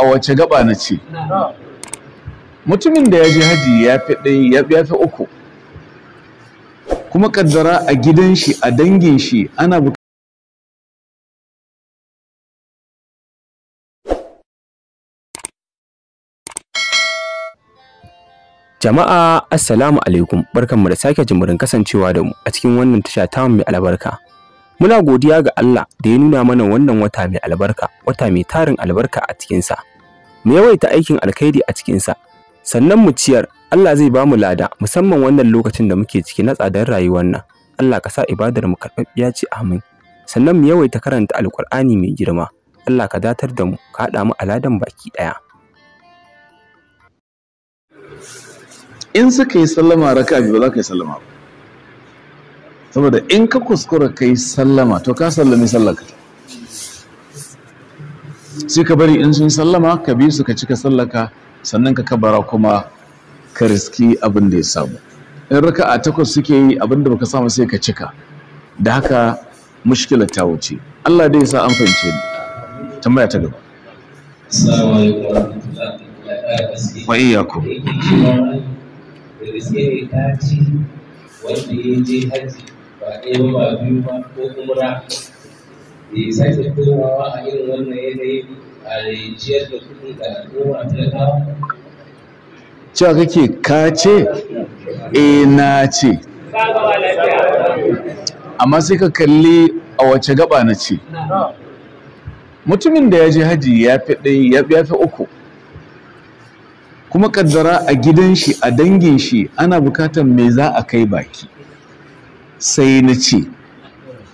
a wace gaba na ce mutumin da ya je haji ya fi ɗaya ya fi uku kuma kaddara a gidan shi a dangin shi ana Jama'a assalamu alaikum barkanmu da sake jimurin kasancewa da mu a cikin wannan tasha ta mai albarka Muna godiya ga Allah da ya nuna mana wannan wata mai albarka wata mai tarin albarka a cikinsa mu yawaita aikin alkhairi a cikinsa sannan mu ciyar Allah zai ba mu lada musamman wannan lokacin da muke ciki na tsadar rayuwar nan Allah ka sa ibadar mu karɓaɓɓiya ce amin sannan mu yawaita karanta Alƙur'ani mai girma Allah ka datar da mu ka haɗa mu aladan baki ɗaya in suka yi sallama raka biyu ba za ka yi sallama ba saboda in ka kuskura ka yi sallama to ka sallami sallaka. ka sai ka bari in sun sallama ka bi su ka cika sallaka sannan ka kabara kuma ka riski abin da ya samu in a takwas suke yi abin da baka samu sai ka cika da haka mushkila ta wuce Allah dai sa an fahimce ni tambaya ta gaba assalamu wa wanda ya je haji ba ɗaya ba biyu ba ko umra ya eh, sake cewa kake ka ce e na ce amma sai ka kalli a wace gaba na ce mutumin da ya je haji ya fi ya fi uku kuma kaddara a gidan shi a dangin shi ana bukatar me za a kai baki sai na ce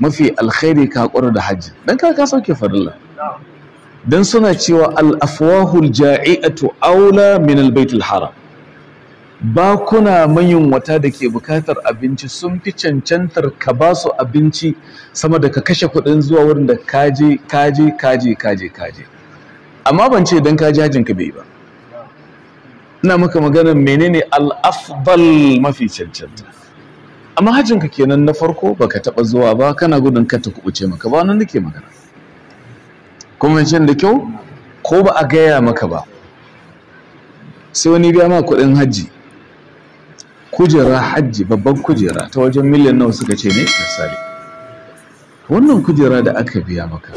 mafi alkhairi ka kwaro da hajji dan ka ka sauke farilla dan suna cewa al-afwahul ja'iatu aula min al-baitul haram manyan wata da ke bukatar abinci sun fi cancantar ka ba su abinci sama da ka kashe kuɗin zuwa wurin da kaje kaje kaje kaje kaje amma ban ce dan kaje hajjin ka bai ba ina maka magana menene al-afdal mafi cancanta amma hajjinka kenan na farko baka taba zuwa ba kana gudun ka ta kubuce maka ba nan nake magana kuma da kyau ko ba a gaya maka ba sai wani biya ma kuɗin hajji kujera hajji babban kujera ta wajen miliyan nawa suka ce ne misali wannan kujera da aka biya maka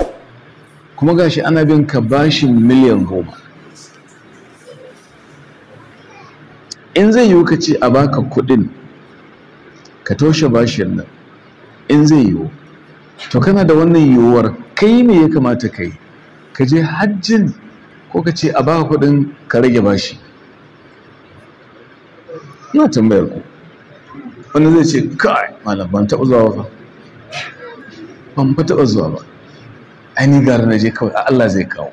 kuma gashi ana bin ka bashin miliyan goma in zai yi ka ce a baka kuɗin ka toshe bashin nan in zai yiwu to kana da wannan yiwuwar kai me ya kamata ka yi ka je hajjin ko ka ce a ba kuɗin ka rage bashi ina tambayar ku wanda zai ce kai malam ban taɓa zuwa ba ban fa taɓa zuwa ba ai ni gara na je kawai a Allah zai kawo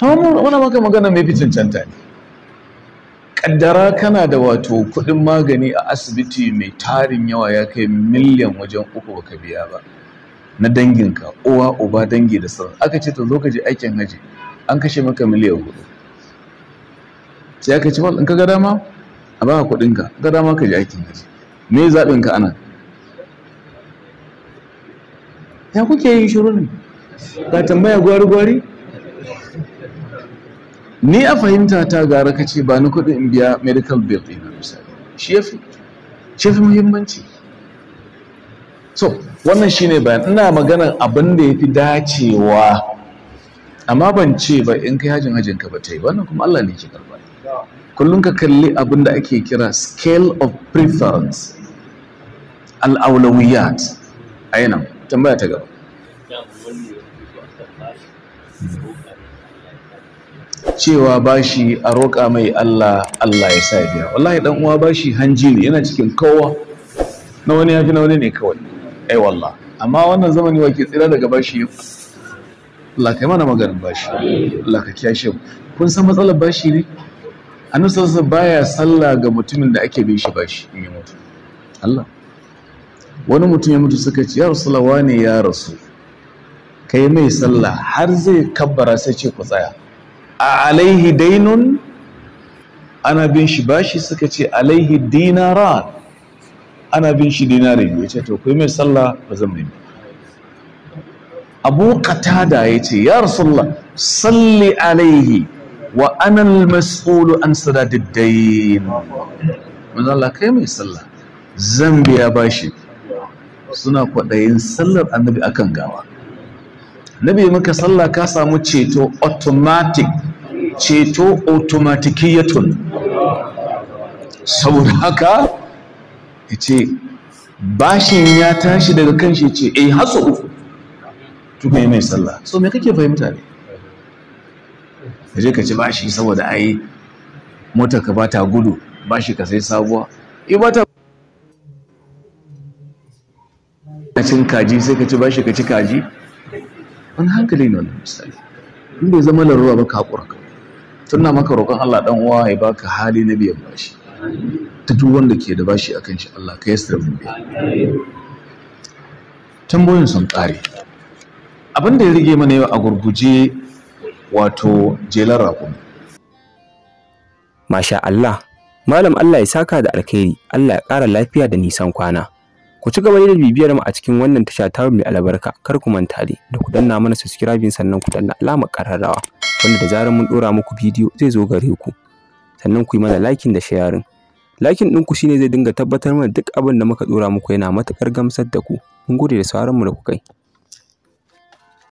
wani maka magana mai fi cancanta ne kaddara kana da wato kudin magani a asibiti mai tarin yawa ya kai miliyan wajen uku baka biya ba na danginka uwa uba dangi da sauran aka ce ta, zo ka je aikin haji an kashe maka miliyan hudu sai aka ce mal in ka gada ma a baka kudin ka ga ka je aikin haji me zaɓin ka ana ya kuke yin shiru ne ka tambaya gwari gwari ni a fahimta ta gara ka ce ba ni kuɗi in biya medical bill ɗina misali shi ya fi shi fi muhimmanci so wannan shi ne bayan ina maganar abin da ya fi dacewa amma ban ce ba in kai hajin hajin ka ba ta yi wannan kuma Allah ne ke karba kullum ka kalli abin da ake kira scale of preference al'aulawiyat a yana tambaya ta gaba cewa bashi a roƙa mai Allah Allah ya sa biya wallahi dan uwa bashi hanji ne yana cikin kowa na wani yafi na wani ne kawai ai wallah amma wannan zamani wake tsira daga bashi Allah kai mana maganin bashi Allah ka kiyashe mu kun san matsalar bashi ne annabi sallallahu baya sallah ga mutumin da ake bin shi bashi in ya mutu Allah wani mutum ya mutu suka ce ya rasulullah ne ya rasu kai mai sallah har zai kabbara sai ce ku tsaya a alaihi dainun ana bin shi bashi suka ce alaihi dinara ana bin shi dinari biyu ce to kai mai sallah ba zan mai abu ya ce ya rasulullah salli alaihi wa ana mas'ulu an sadadid dain manzo Allah kai mai sallah zan biya bashi suna kwadayin sallar annabi akan gawa nabi maka sallah ka samu ceto automatic ceto automaticiyatun saboda haka ya ce bashin ya tashi daga kan shi ce eh haso uku tuka mai sallah so me kake fahimta ne ka je ka ci bashi saboda ai mota ka ba ta gudu bashi ka sai sabuwa in eh, ba ta cin kaji sai ka ci bashi ka ci kaji wani hankali ne wannan misali in bai zama larura ba ka haƙura ka tunna maka roƙon Allah dan uwa ya baka hali na biyan bashi ta duk wanda ke da bashi akan shi Allah ka yasra mu biya tambayoyin sun ƙare abin da ya rige mana yau a gurguje wato jelar rakumi masha Allah malam Allah ya saka da alkhairi Allah ya ƙara lafiya da nisan kwana Ku ci gaba da bibiyar mu a cikin wannan tasha ta mai albarka. Kar ku manta dai da ku danna mana subscribing sannan ku danna alamar ƙararrawa wanda da zarar mun ɗora muku bidiyo zai zo gare ku. Sannan ku yi mana liking da sharing. Liking ɗinku shine zai dinga tabbatar mana duk abin da muka ɗora muku yana matuƙar gamsar da ku. Mun gode da sauraron mu da ku kai.